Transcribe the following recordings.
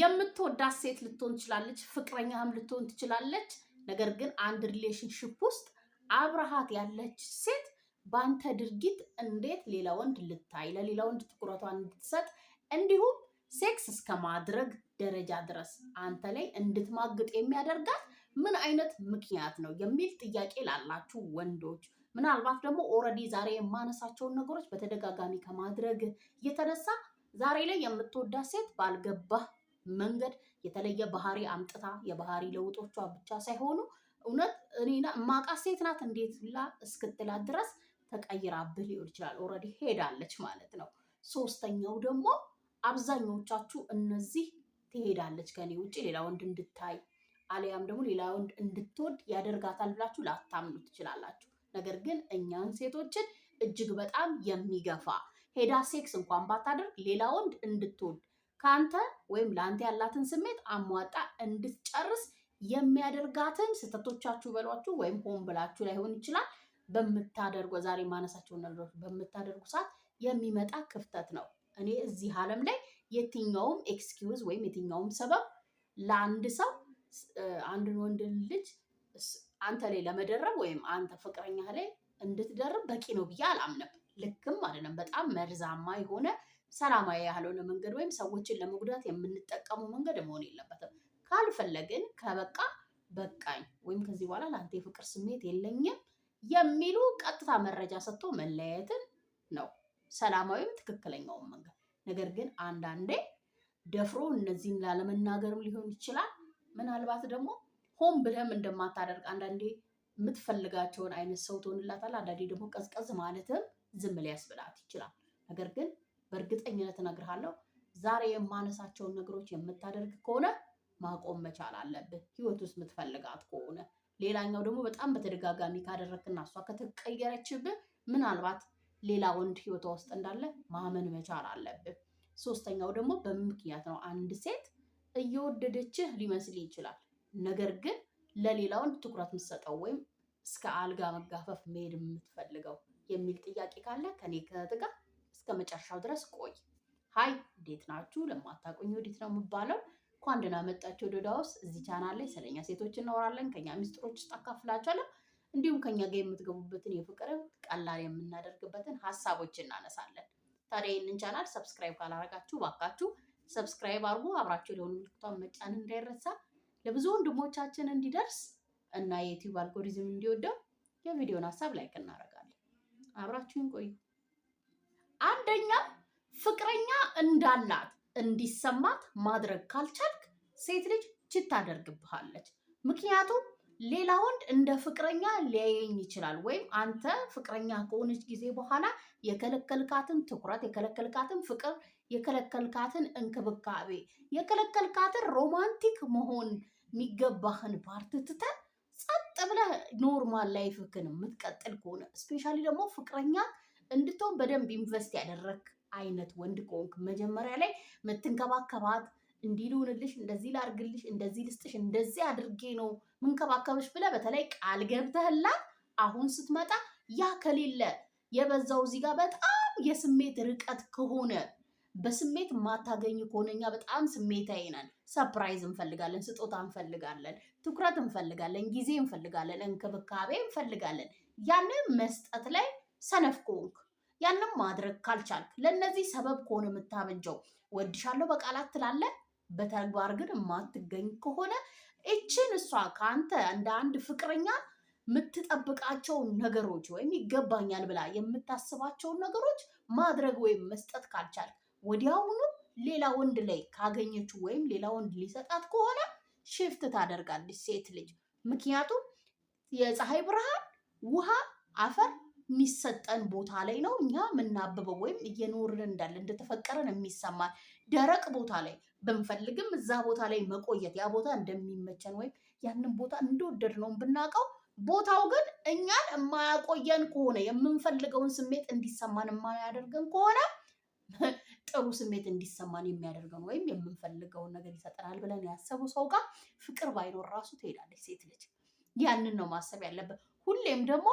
የምትወዳት ሴት ልትሆን ትችላለች፣ ፍቅረኛህም ልትሆን ትችላለች። ነገር ግን አንድ ሪሌሽንሽፕ ውስጥ አብረሃት ያለች ሴት በአንተ ድርጊት እንዴት ሌላ ወንድ ልታይ፣ ለሌላ ወንድ ትኩረቷን እንድትሰጥ እንዲሁም ሴክስ እስከ ማድረግ ደረጃ ድረስ አንተ ላይ እንድትማግጥ የሚያደርጋት ምን አይነት ምክንያት ነው የሚል ጥያቄ ላላችሁ ወንዶች ምናልባት ደግሞ ኦልሬዲ ዛሬ የማነሳቸውን ነገሮች በተደጋጋሚ ከማድረግ የተነሳ ዛሬ ላይ የምትወዳት ሴት ባልገባህ መንገድ የተለየ ባህሪ አምጥታ የባህሪ ለውጦቿ ብቻ ሳይሆኑ እውነት እኔና ማቃ ሴት ናት እንዴት ላ እስክትላት ድረስ ተቀይራብህ ሊሆን ይችላል። ኦልሬዲ ሄዳለች ማለት ነው። ሶስተኛው ደግሞ አብዛኞቻችሁ እነዚህ ትሄዳለች ከኔ ውጭ ሌላ ወንድ እንድታይ አሊያም ደግሞ ሌላ ወንድ እንድትወድ ያደርጋታል ብላችሁ ላታምኑ ትችላላችሁ። ነገር ግን እኛን ሴቶችን እጅግ በጣም የሚገፋ ሄዳ ሴክስ እንኳን ባታደርግ ሌላ ወንድ እንድትወድ ከአንተ ወይም ለአንተ ያላትን ስሜት አሟጣ እንድትጨርስ የሚያደርጋትን ስህተቶቻችሁ በሏችሁ ወይም ሆን ብላችሁ ላይሆን ይችላል በምታደርጉ ዛሬ ማነሳቸው ነገሮች በምታደርጉ ሰዓት የሚመጣ ክፍተት ነው። እኔ እዚህ ዓለም ላይ የትኛውም ኤክስኪውዝ ወይም የትኛውም ሰበብ ለአንድ ሰው አንድን ወንድን ልጅ አንተ ላይ ለመደረብ ወይም አንተ ፍቅረኛ ላይ እንድትደርብ በቂ ነው ብዬ አላምንም። ልክም አይደለም። በጣም መርዛማ የሆነ ሰላማዊ ያልሆነ መንገድ ወይም ሰዎችን ለመጉዳት የምንጠቀመው መንገድ መሆን የለበትም። ካልፈለግን ከበቃ በቃኝ ወይም ከዚህ በኋላ ለአንተ የፍቅር ስሜት የለኝም የሚሉ ቀጥታ መረጃ ሰጥቶ መለያየትን ነው ሰላማዊም ትክክለኛውን መንገድ። ነገር ግን አንዳንዴ ደፍሮ እነዚህን ላለመናገርም ሊሆን ይችላል። ምናልባት ደግሞ ሆን ብለህም እንደማታደርግ አንዳንዴ የምትፈልጋቸውን አይነት ሰው ትሆንላታል። አንዳንዴ ደግሞ ቀዝቀዝ ማለትም ዝም ሊያስብላት ይችላል። ነገር ግን በእርግጠኝነት እነግርሃለሁ። ዛሬ የማነሳቸውን ነገሮች የምታደርግ ከሆነ ማቆም መቻል አለብህ፣ ህይወት ውስጥ የምትፈልጋት ከሆነ። ሌላኛው ደግሞ በጣም በተደጋጋሚ ካደረግና እሷ ከተቀየረችብህ ምናልባት ሌላ ወንድ ህይወቷ ውስጥ እንዳለ ማመን መቻል አለብህ። ሶስተኛው ደግሞ በምክንያት ነው። አንድ ሴት እየወደደችህ ሊመስል ይችላል፣ ነገር ግን ለሌላ ወንድ ትኩረት የምትሰጠው ወይም እስከ አልጋ መጋፈፍ መሄድ የምትፈልገው የሚል ጥያቄ ካለ ከኔ ከእህት ጋር እስከ መጨረሻው ድረስ ቆይ። ሀይ እንዴት ናችሁ? ለማታቆኝ ወዴት ነው የምባለው? እንኳን ደህና መጣችሁ ዶዳ ውስጥ። እዚህ ቻናል ላይ ስለኛ ሴቶች እናወራለን፣ ከኛ ሚስጥሮች ውስጥ አካፍላችኋለሁ። እንዲሁም ከኛ ጋር የምትገቡበትን የፍቅር ቀላል የምናደርግበትን ሀሳቦች እናነሳለን። ታዲያ ይህንን ቻናል ሰብስክራይብ ካላረጋችሁ ባካችሁ ሰብስክራይብ አድርጎ አብራችሁ ለሆኑ ምልክቷን መጫን እንዳይረሳ ለብዙ ወንድሞቻችን እንዲደርስ እና የዩቲዩብ አልጎሪዝም እንዲወደው የቪዲዮን ሀሳብ ላይክ እናደርጋለን። አብራችሁን ቆዩ። አንደኛ ፍቅረኛ እንዳላት እንዲሰማት ማድረግ ካልቻልክ ሴት ልጅ ችታደርግብሃለች። ታደርግብሃለች። ምክንያቱም ሌላ ወንድ እንደ ፍቅረኛ ሊያየኝ ይችላል። ወይም አንተ ፍቅረኛ ከሆነች ጊዜ በኋላ የከለከልካትን ትኩረት፣ የከለከልካትን ፍቅር፣ የከለከልካትን እንክብካቤ፣ የከለከልካትን ሮማንቲክ መሆን የሚገባህን ፓርት ትተህ ጸጥ ብለህ ኖርማል ላይፍክን የምትቀጥል ከሆነ ስፔሻሊ ደግሞ ፍቅረኛ እንድትሆን በደንብ ኢንቨስት ያደረግ አይነት ወንድ ከሆንክ መጀመሪያ ላይ ምትንከባከባት እንዲህ ልሆንልሽ፣ እንደዚህ ላርግልሽ፣ እንደዚህ ልስጥሽ፣ እንደዚህ አድርጌ ነው ምንከባከብሽ ብለህ በተለይ ቃል ገብተህላት አሁን ስትመጣ ያ ከሌለ የበዛው እዚህ ጋር በጣም የስሜት ርቀት ከሆነ በስሜት ማታገኝ ከሆነ እኛ በጣም ስሜታዊ ነን። ሰፕራይዝ እንፈልጋለን፣ ስጦታ እንፈልጋለን፣ ትኩረት እንፈልጋለን፣ ጊዜ እንፈልጋለን፣ እንክብካቤ እንፈልጋለን። ያንን መስጠት ላይ ሰነፍ ከሆንክ ያንም ማድረግ ካልቻልክ ለእነዚህ ሰበብ ከሆነ የምታበጀው ወድሻለሁ በቃላት ትላለ፣ በተግባር ግን የማትገኝ ከሆነ እችን እሷ ከአንተ እንደ አንድ ፍቅረኛ የምትጠብቃቸውን ነገሮች ወይም ይገባኛል ብላ የምታስባቸውን ነገሮች ማድረግ ወይም መስጠት ካልቻልክ ወዲያውኑ ሌላ ወንድ ላይ ካገኘችው ወይም ሌላ ወንድ ሊሰጣት ከሆነ ሽፍት ታደርጋለች ሴት ልጅ። ምክንያቱም የፀሐይ ብርሃን፣ ውሃ፣ አፈር የሚሰጠን ቦታ ላይ ነው እኛ የምናብበው ወይም እየኖርን እንዳለ እንደተፈቀረን የሚሰማን ደረቅ ቦታ ላይ ብንፈልግም እዛ ቦታ ላይ መቆየት ያ ቦታ እንደሚመቸን ወይም ያንን ቦታ እንደወደድ ነው ብናውቀው ቦታው ግን እኛን የማያቆየን ከሆነ የምንፈልገውን ስሜት እንዲሰማን የማያደርገን ከሆነ ጥሩ ስሜት እንዲሰማን የሚያደርገን ወይም የምንፈልገውን ነገር ይሰጠናል ብለን ያሰበው ሰው ጋር ፍቅር ባይኖር ራሱ ትሄዳለች ሴት ልጅ። ያንን ነው ማሰብ ያለብን ሁሌም ደግሞ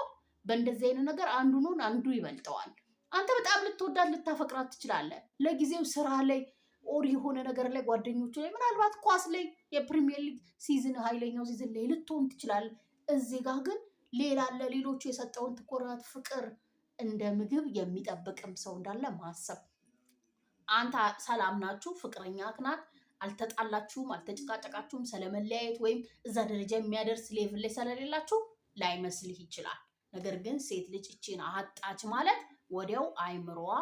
በእንደዚህ አይነት ነገር አንዱን አንዱ ይበልጠዋል። አንተ በጣም ልትወዳት ልታፈቅራት ትችላለህ። ለጊዜው ስራ ላይ ኦር የሆነ ነገር ላይ ጓደኞቹ ላይ ምናልባት ኳስ ላይ የፕሪሚየር ሊግ ሲዝን ኃይለኛው ሲዝን ላይ ልትሆን ትችላለህ። እዚህ ጋር ግን ሌላ ለሌሎቹ የሰጠውን ትኩረት፣ ፍቅር እንደ ምግብ የሚጠብቅም ሰው እንዳለ ማሰብ አንተ ሰላም ናችሁ፣ ፍቅረኛ ክናት፣ አልተጣላችሁም፣ አልተጨቃጨቃችሁም፣ ስለመለያየት ወይም እዛ ደረጃ የሚያደርስ ሌቭል ላይ ስለሌላችሁ ላይመስልህ ይችላል። ነገር ግን ሴት ልጅ እቺን አጣች ማለት ወዲያው አይምሮዋ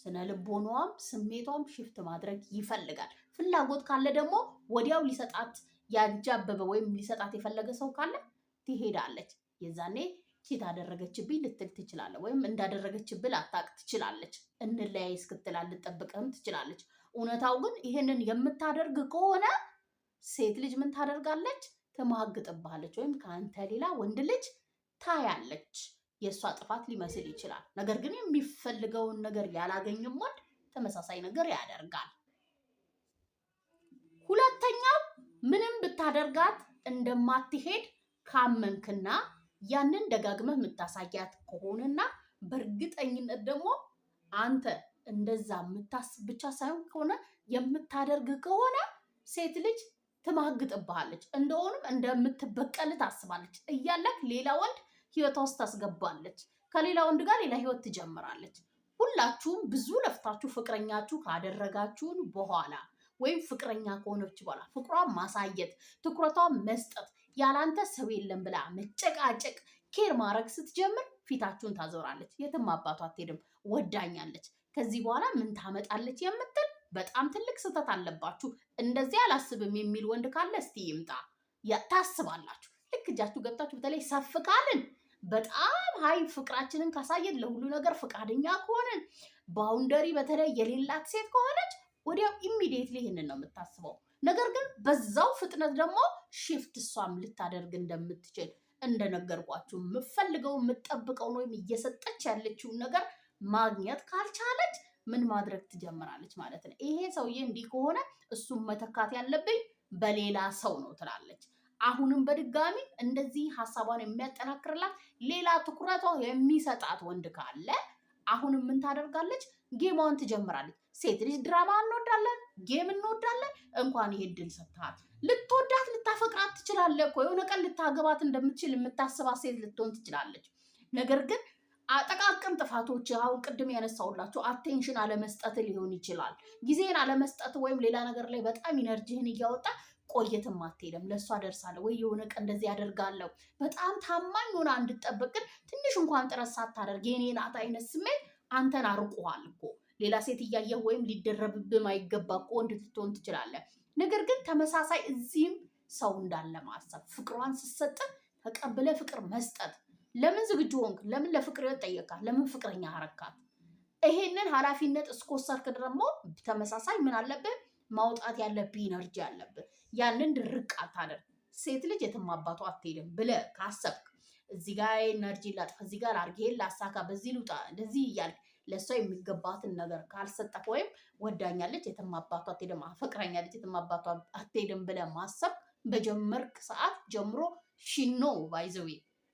ስነ ልቦናዋም ስሜቷም ሽፍት ማድረግ ይፈልጋል። ፍላጎት ካለ ደግሞ ወዲያው ሊሰጣት ያጃበበ ወይም ሊሰጣት የፈለገ ሰው ካለ ትሄዳለች። የዛኔ ቺት አደረገችብኝ ልትል ትችላለ፣ ወይም እንዳደረገችብህ ላታውቅ ትችላለች። እንለያይ እስክትል ልጠብቅህም ትችላለች። እውነታው ግን ይህንን የምታደርግ ከሆነ ሴት ልጅ ምን ታደርጋለች? ትማግጥብሃለች፣ ወይም ከአንተ ሌላ ወንድ ልጅ ታያለች። የእሷ ጥፋት ሊመስል ይችላል። ነገር ግን የሚፈልገውን ነገር ያላገኝም ወንድ ተመሳሳይ ነገር ያደርጋል። ሁለተኛው ምንም ብታደርጋት እንደማትሄድ ካመንክና ያንን ደጋግመህ የምታሳያት ከሆነና በእርግጠኝነት ደግሞ አንተ እንደዛ የምታስብ ብቻ ሳይሆን ከሆነ የምታደርግ ከሆነ ሴት ልጅ ትማግጥብሃለች፣ እንደሆኑም እንደምትበቀል ታስባለች። እያለክ ሌላ ወንድ ህይወቷ ውስጥ ታስገባለች። ከሌላ ወንድ ጋር ሌላ ህይወት ትጀምራለች። ሁላችሁም ብዙ ለፍታችሁ ፍቅረኛችሁ ካደረጋችሁን በኋላ ወይም ፍቅረኛ ከሆነች በኋላ ፍቅሯን ማሳየት፣ ትኩረቷን መስጠት፣ ያላንተ ሰው የለም ብላ መጨቃጨቅ፣ ኬር ማድረግ ስትጀምር ፊታችሁን ታዞራለች። የትም አባቷ አትሄድም፣ ወዳኛለች፣ ከዚህ በኋላ ምን ታመጣለች የምትል በጣም ትልቅ ስህተት አለባችሁ። እንደዚህ አላስብም የሚል ወንድ ካለ እስቲ ይምጣ። ታስባላችሁ። ልክ እጃችሁ ገብታችሁ በተለይ ሰፍ ካልን በጣም ሀይ ፍቅራችንን ካሳየን ለሁሉ ነገር ፈቃደኛ ከሆነን ባውንደሪ በተለይ የሌላት ሴት ከሆነች ወዲያው ኢሚዲየትሊ ይህንን ነው የምታስበው። ነገር ግን በዛው ፍጥነት ደግሞ ሺፍት እሷም ልታደርግ እንደምትችል እንደነገርኳችሁ የምፈልገው የምጠብቀውን ወይም እየሰጠች ያለችውን ነገር ማግኘት ካልቻለች ምን ማድረግ ትጀምራለች ማለት ነው። ይሄ ሰውዬ እንዲህ ከሆነ እሱም መተካት ያለብኝ በሌላ ሰው ነው ትላለች። አሁንም በድጋሚ እንደዚህ ሀሳቧን የሚያጠናክርላት ሌላ ትኩረቷ የሚሰጣት ወንድ ካለ አሁንም ምን ታደርጋለች? ጌሟን ትጀምራለች። ሴት ልጅ ድራማ እንወዳለን፣ ጌም እንወዳለን። እንኳን ይሄ ድል ሰጥተሃል። ልትወዳት ልታፈቅራት ትችላለህ እኮ የሆነ ቀን ልታገባት እንደምትችል የምታስባት ሴት ልትሆን ትችላለች። ነገር ግን አጠቃቅም ጥፋቶች አሁን ቅድም ያነሳውላቸው አቴንሽን አለመስጠት ሊሆን ይችላል። ጊዜን አለመስጠት ወይም ሌላ ነገር ላይ በጣም ኢነርጂህን እያወጣ ቆየትም አትሄደም። ለእሷ ደርሳለሁ ወይ የሆነ ቀን እንደዚህ ያደርጋለሁ። በጣም ታማኝ ሆና እንድጠበቅ ትንሽ እንኳን ጥረት ሳታደርግ የኔ ናት አይነት ስሜት አንተን አርቆሃል እኮ ሌላ ሴት እያየህ ወይም ሊደረብብም አይገባ እኮ ወንድ ልትሆን ትችላለህ። ነገር ግን ተመሳሳይ እዚህም ሰው እንዳለ ማሰብ፣ ፍቅሯን ስትሰጥህ ተቀብለ ፍቅር መስጠት። ለምን ዝግጁ ሆንክ? ለምን ለፍቅር ጠየቃት? ለምን ፍቅረኛ አረካት? ይሄንን ኃላፊነት እስኮሰርክ ደግሞ ተመሳሳይ ምን አለብህ ማውጣት ያለብህ ኢነርጂ አለብህ። ያንን ድርቅ አታደርግ። ሴት ልጅ የትም አባቷ አትሄድም ብለህ ካሰብክ እዚህ ጋር ኢነርጂ ላጥፋ፣ እዚህ ጋር አድርጌ ላሳካ፣ በዚህ ልውጣ፣ እንደዚህ እያልክ ለእሷ የሚገባትን ነገር ካልሰጠክ ወይም ወዳኛለች የትም አባቷ አትሄድም፣ አፈቅረኛለች የትም አባቷ አትሄድም ብለህ ማሰብ በጀመርክ ሰዓት ጀምሮ ሽኖ ባይዘዌ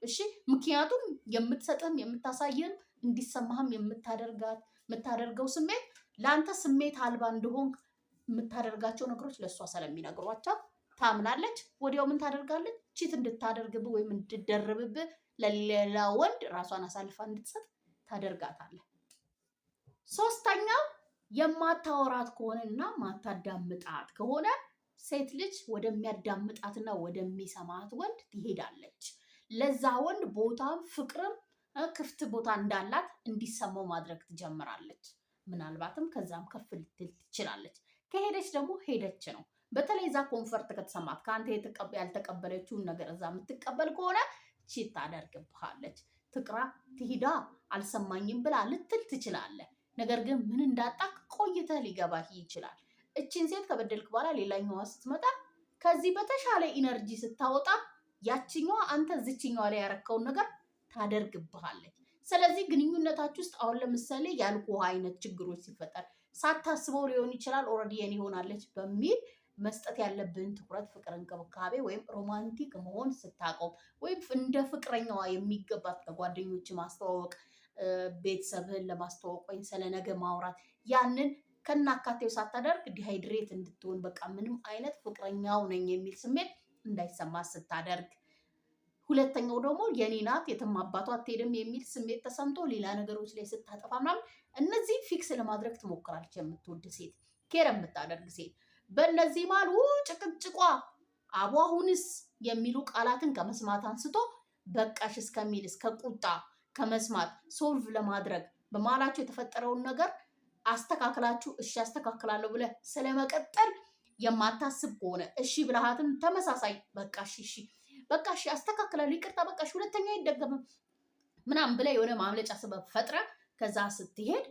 እሺ። ምክንያቱም የምትሰጥህም የምታሳየህም እንዲሰማህም የምታደርጋት የምታደርገው ስሜት ለአንተ ስሜት አልባ እንደሆንክ የምታደርጋቸው ነገሮች ለእሷ ስለሚነግሯቸው ታምናለች። ወዲያው ምን ታደርጋለች? ቺት እንድታደርግብ ወይም እንድደርብብ ለሌላ ወንድ ራሷን አሳልፋ እንድትሰጥ ታደርጋታለ። ሶስተኛው የማታወራት ከሆነና ማታዳምጣት ከሆነ ሴት ልጅ ወደሚያዳምጣትና ወደሚሰማት ወንድ ትሄዳለች። ለዛ ወንድ ቦታም ፍቅርም ክፍት ቦታ እንዳላት እንዲሰማው ማድረግ ትጀምራለች። ምናልባትም ከዛም ከፍ ልትል ትችላለች። ከሄደች ደግሞ ሄደች ነው። በተለይ እዛ ኮንፈርት ከተሰማት ከአንተ ያልተቀበለችውን ነገር እዛ የምትቀበል ከሆነ ቺት ታደርግብሃለች። ትቅራ ትሂዳ አልሰማኝም ብላ ልትል ትችላለ። ነገር ግን ምን እንዳጣክ ቆይተህ ሊገባህ ይችላል። እቺን ሴት ከበደልክ በኋላ ሌላኛዋ ስትመጣ ከዚህ በተሻለ ኢነርጂ ስታወጣ ያችኛዋ አንተ ዝችኛዋ ላይ ያረከውን ነገር ታደርግብሃለች። ስለዚህ ግንኙነታችሁ ውስጥ አሁን ለምሳሌ የአልኮሆል አይነት ችግሮች ሲፈጠር ሳታስበው ሊሆን ይችላል ኦልሬዲ የኔ ይሆናለች በሚል መስጠት ያለብን ትኩረት ፍቅር፣ እንክብካቤ ወይም ሮማንቲክ መሆን ስታቀው ወይም እንደ ፍቅረኛዋ የሚገባት ለጓደኞች ማስተዋወቅ፣ ቤተሰብህን ለማስተዋወቅ ወይም ስለነገ ማውራት ያንን ከናካቴው ሳታደርግ ዲሃይድሬት እንድትሆን በቃ ምንም አይነት ፍቅረኛው ነኝ የሚል ስሜት እንዳይሰማ ስታደርግ ሁለተኛው ደግሞ የኔ ናት የትም አባቷ አትሄድም የሚል ስሜት ተሰምቶ ሌላ ነገሮች ላይ ስታጠፋ ምናምን እነዚህ ፊክስ ለማድረግ ትሞክራለች። የምትወድ ሴት፣ ኬር የምታደርግ ሴት በእነዚህ ማል ጭቅጭቋ አቡ አሁንስ የሚሉ ቃላትን ከመስማት አንስቶ በቃሽ እስከሚል እስከ ቁጣ ከመስማት ሶልቭ ለማድረግ በማላቸው የተፈጠረውን ነገር አስተካክላችሁ እሺ አስተካክላለሁ ብለህ ስለመቀጠል የማታስብ ከሆነ እሺ ብልሃትም ተመሳሳይ በቃሽ እሺ በቃ እሺ አስተካክላለሁ፣ ይቅርታ በቃ እሺ ሁለተኛ አይደገምም ምናምን ብላ የሆነ ማምለጫ ሰበብ ፈጥረ ከዛ ስትሄድ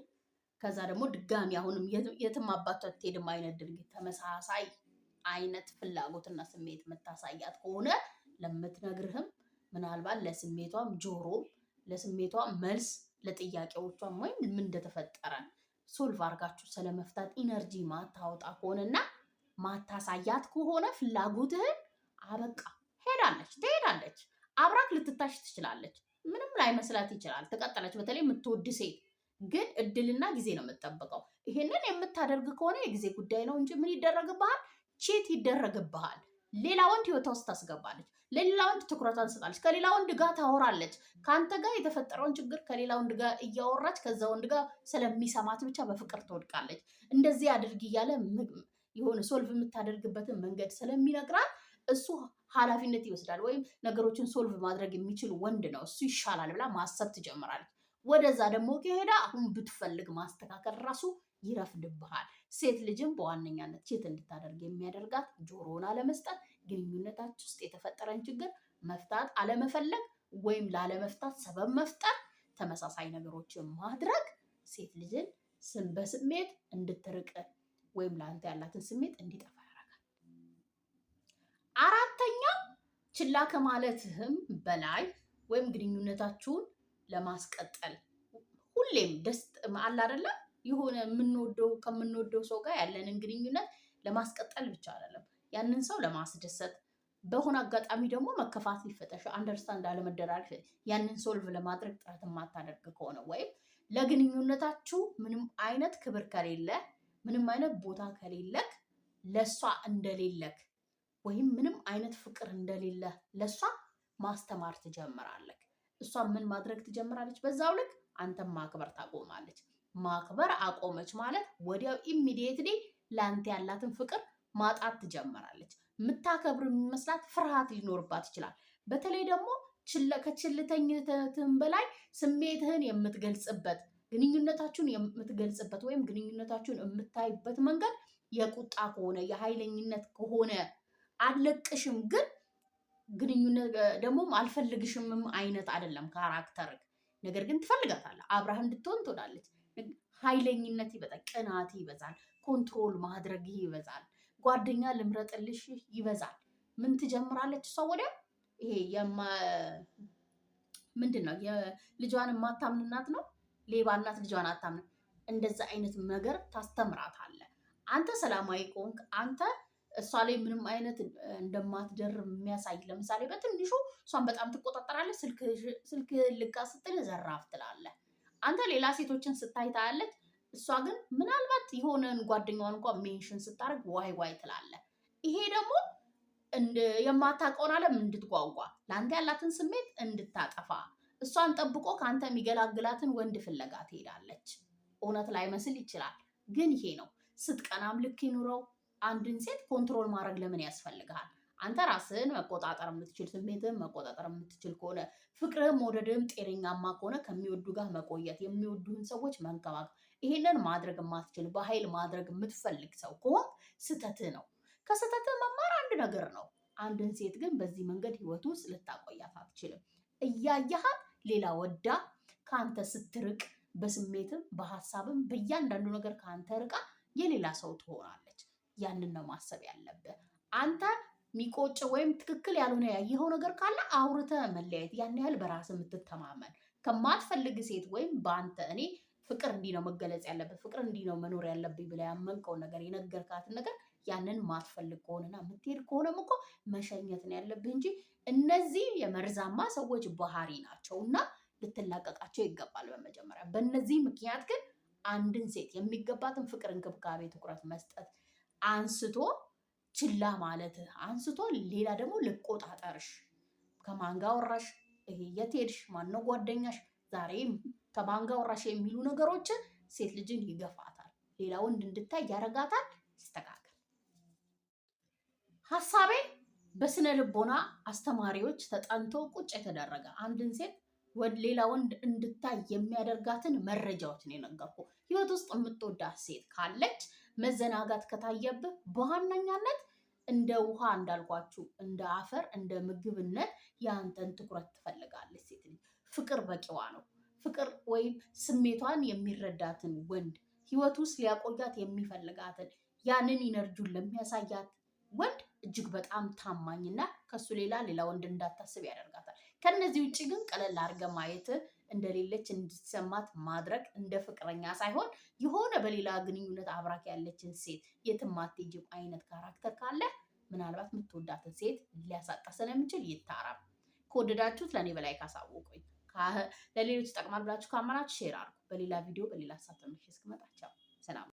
ከዛ ደግሞ ድጋሚ አሁንም የትም አባቷ ትሄድም አይነት ድርጊት ተመሳሳይ አይነት ፍላጎትና ስሜት የምታሳያት ከሆነ ለምትነግርህም ምናልባት ለስሜቷም ጆሮ ለስሜቷ መልስ ለጥያቄዎቿም ወይም ምን እንደተፈጠረ ሶልቭ አርጋችሁ ስለመፍታት ኢነርጂ ማታወጣ ከሆነና ማታሳያት ከሆነ ፍላጎትህን አበቃ። ሄዳለች ትሄዳለች። አብራክ ልትታሽ ትችላለች። ምንም ላይ መስላት ይችላል። ትቀጥለች። በተለይ የምትወድ ሴት ግን እድልና ጊዜ ነው የምጠበቀው ይህንን የምታደርግ ከሆነ የጊዜ ጉዳይ ነው እንጂ ምን ይደረግብሃል? ቼት ይደረግብሃል። ሌላ ወንድ ህይወቷ ውስጥ ታስገባለች። ለሌላ ወንድ ትኩረት አንስጣለች። ከሌላ ወንድ ጋር ታወራለች። ከአንተ ጋር የተፈጠረውን ችግር ከሌላ ወንድ ጋር እያወራች ከዛ ወንድ ጋር ስለሚሰማት ብቻ በፍቅር ትወድቃለች። እንደዚህ አድርግ እያለ የሆነ ሶልቭ የምታደርግበትን መንገድ ስለሚነግራት እሱ ኃላፊነት ይወስዳል ወይም ነገሮችን ሶልቭ ማድረግ የሚችል ወንድ ነው እሱ ይሻላል ብላ ማሰብ ትጀምራለች። ወደዛ ደግሞ ከሄዳ አሁን ብትፈልግ ማስተካከል ራሱ ይረፍድብሃል። ሴት ልጅም በዋነኛነት ሴት እንድታደርግ የሚያደርጋት ጆሮን አለመስጠት፣ ግንኙነታች ውስጥ የተፈጠረን ችግር መፍታት አለመፈለግ ወይም ላለመፍታት ሰበብ መፍጠር፣ ተመሳሳይ ነገሮችን ማድረግ ሴት ልጅን ስም በስሜት እንድትርቅ ወይም ለአንተ ያላትን ስሜት እንዲጠፋ ችላ ከማለትህም በላይ ወይም ግንኙነታችሁን ለማስቀጠል ሁሌም ደስ አለ አይደለም የሆነ የምንወደው ከምንወደው ሰው ጋር ያለንን ግንኙነት ለማስቀጠል ብቻ አይደለም ያንን ሰው ለማስደሰት በሆነ አጋጣሚ ደግሞ መከፋት ሊፈጠር አንደርስታንድ አለመደራረግ ያንን ሶልቭ ለማድረግ ጥረት የማታደርግ ከሆነ ወይም ለግንኙነታችሁ ምንም አይነት ክብር ከሌለ ምንም አይነት ቦታ ከሌለክ ለእሷ እንደሌለክ ወይም ምንም አይነት ፍቅር እንደሌለ ለእሷ ማስተማር ትጀምራለች። እሷ ምን ማድረግ ትጀምራለች? በዛው ልክ አንተም ማክበር ታቆማለች። ማክበር አቆመች ማለት ወዲያው ኢሚዲየትሊ ለአንተ ያላትን ፍቅር ማጣት ትጀምራለች። የምታከብር የሚመስላት ፍርሃት ሊኖርባት ይችላል። በተለይ ደግሞ ከችልተኝነትህም በላይ ስሜትህን የምትገልጽበት ግንኙነታችሁን የምትገልጽበት ወይም ግንኙነታችሁን የምታይበት መንገድ የቁጣ ከሆነ የኃይለኝነት ከሆነ አለቅሽም ግን ግንኙነት ደግሞ አልፈልግሽምም አይነት አይደለም ካራክተር። ነገር ግን ትፈልጋታለህ፣ አብራህ እንድትሆን ትወዳለች። ኃይለኝነት ይበዛል፣ ቅናት ይበዛል፣ ኮንትሮል ማድረግ ይበዛል፣ ጓደኛ ልምረጥልሽ ይበዛል። ምን ትጀምራለች እሷ ወዲያ ይሄ ምንድን ነው? ልጇን የማታምን እናት ነው። ሌባ እናት ልጇን አታምን። እንደዛ አይነት ነገር ታስተምራታለህ። አንተ ሰላማዊ ቆንክ አንተ እሷ ላይ ምንም አይነት እንደማትደርም የሚያሳይ ለምሳሌ በትንሹ እሷን በጣም ትቆጣጠራለች ስልክ ልጋ ስትል ዘራፍ ትላለህ። አንተ ሌላ ሴቶችን ስታይ እሷ ግን ምናልባት የሆነን ጓደኛዋን እንኳ ሜንሽን ስታደርግ ዋይ ዋይ ትላለህ። ይሄ ደግሞ የማታውቀውን ዓለም እንድትጓጓ ለአንተ ያላትን ስሜት እንድታጠፋ እሷን ጠብቆ ከአንተ የሚገላግላትን ወንድ ፍለጋ ትሄዳለች። እውነት ላይመስል ይችላል፣ ግን ይሄ ነው። ስትቀናም ልክ ይኑረው አንድን ሴት ኮንትሮል ማድረግ ለምን ያስፈልግሃል? አንተ ራስን መቆጣጠር የምትችል ስሜትን መቆጣጠር የምትችል ከሆነ ፍቅርህም መውደድህም ጤነኛማ ከሆነ ከሚወዱ ጋር መቆየት የሚወዱህን ሰዎች መንከባከብ፣ ይሄንን ማድረግ የማትችል በኃይል ማድረግ የምትፈልግ ሰው ከሆን ስህተትህ ነው። ከስህተትህ መማር አንድ ነገር ነው። አንድን ሴት ግን በዚህ መንገድ ህይወት ውስጥ ልታቆያት አትችልም። እያየሃት ሌላ ወዳ ከአንተ ስትርቅ፣ በስሜትም በሀሳብም በእያንዳንዱ ነገር ከአንተ ርቃ የሌላ ሰው ትሆናለች። ያንን ነው ማሰብ ያለብህ። አንተ የሚቆጭ ወይም ትክክል ያልሆነ ያየኸው ነገር ካለ አውርተ መለያየት፣ ያን ያህል በራስ የምትተማመን ከማትፈልግ ሴት ወይም በአንተ እኔ ፍቅር እንዲህ ነው መገለጽ ያለበት፣ ፍቅር እንዲህ ነው መኖር ያለብኝ ብለህ ያመንከውን ነገር የነገርካትን ነገር ያንን ማትፈልግ ከሆነና የምትሄድ ከሆነም እኮ መሸኘት ነው ያለብህ እንጂ እነዚህ የመርዛማ ሰዎች ባህሪ ናቸው እና ልትላቀቃቸው ይገባል። በመጀመሪያ በእነዚህ ምክንያት ግን አንድን ሴት የሚገባትን ፍቅር፣ እንክብካቤ፣ ትኩረት መስጠት አንስቶ ችላ ማለት አንስቶ ሌላ ደግሞ ልቆጣጠርሽ፣ ከማንጋ ወራሽ፣ የት ሄድሽ፣ ማነው ጓደኛሽ፣ ዛሬ ከማንጋ ወራሽ የሚሉ ነገሮችን ሴት ልጅን ይገፋታል። ሌላ ወንድ እንድታይ ያረጋታል። ይስተካከል። ሀሳቤ በስነ ልቦና አስተማሪዎች ተጠንቶ ቁጭ የተደረገ አንድን ሴት ሌላ ወንድ እንድታይ የሚያደርጋትን መረጃዎችን የነገርኩ። ህይወት ውስጥ የምትወዳት ሴት ካለች መዘናጋት ከታየብህ በዋነኛነት እንደ ውሃ እንዳልኳችሁ እንደ አፈር እንደ ምግብነት የአንተን ትኩረት ትፈልጋለች ሴት ልጅ። ፍቅር በቂዋ ነው። ፍቅር ወይም ስሜቷን የሚረዳትን ወንድ ህይወት ውስጥ ሊያቆያት የሚፈልጋትን ያንን ኢነርጂውን ለሚያሳያት ወንድ እጅግ በጣም ታማኝና ከሱ ሌላ ሌላ ወንድ እንዳታስብ ያደርጋታል። ከነዚህ ውጭ ግን ቀለል አድርገ ማየት እንደሌለች እንድትሰማት ማድረግ እንደ ፍቅረኛ ሳይሆን የሆነ በሌላ ግንኙነት አብራክ ያለችን ሴት የትማቴጅም አይነት ካራክተር ካለ ምናልባት የምትወዳትን ሴት ሊያሳጣ ስለምችል ይታረም። ከወደዳችሁት ለእኔ በላይ ካሳወቁኝ ለሌሎች ይጠቅማል ብላችሁ ካመናችሁ ሼር አድርጉ። በሌላ ቪዲዮ በሌላ ሀሳብ ተመልሼ ሰላም።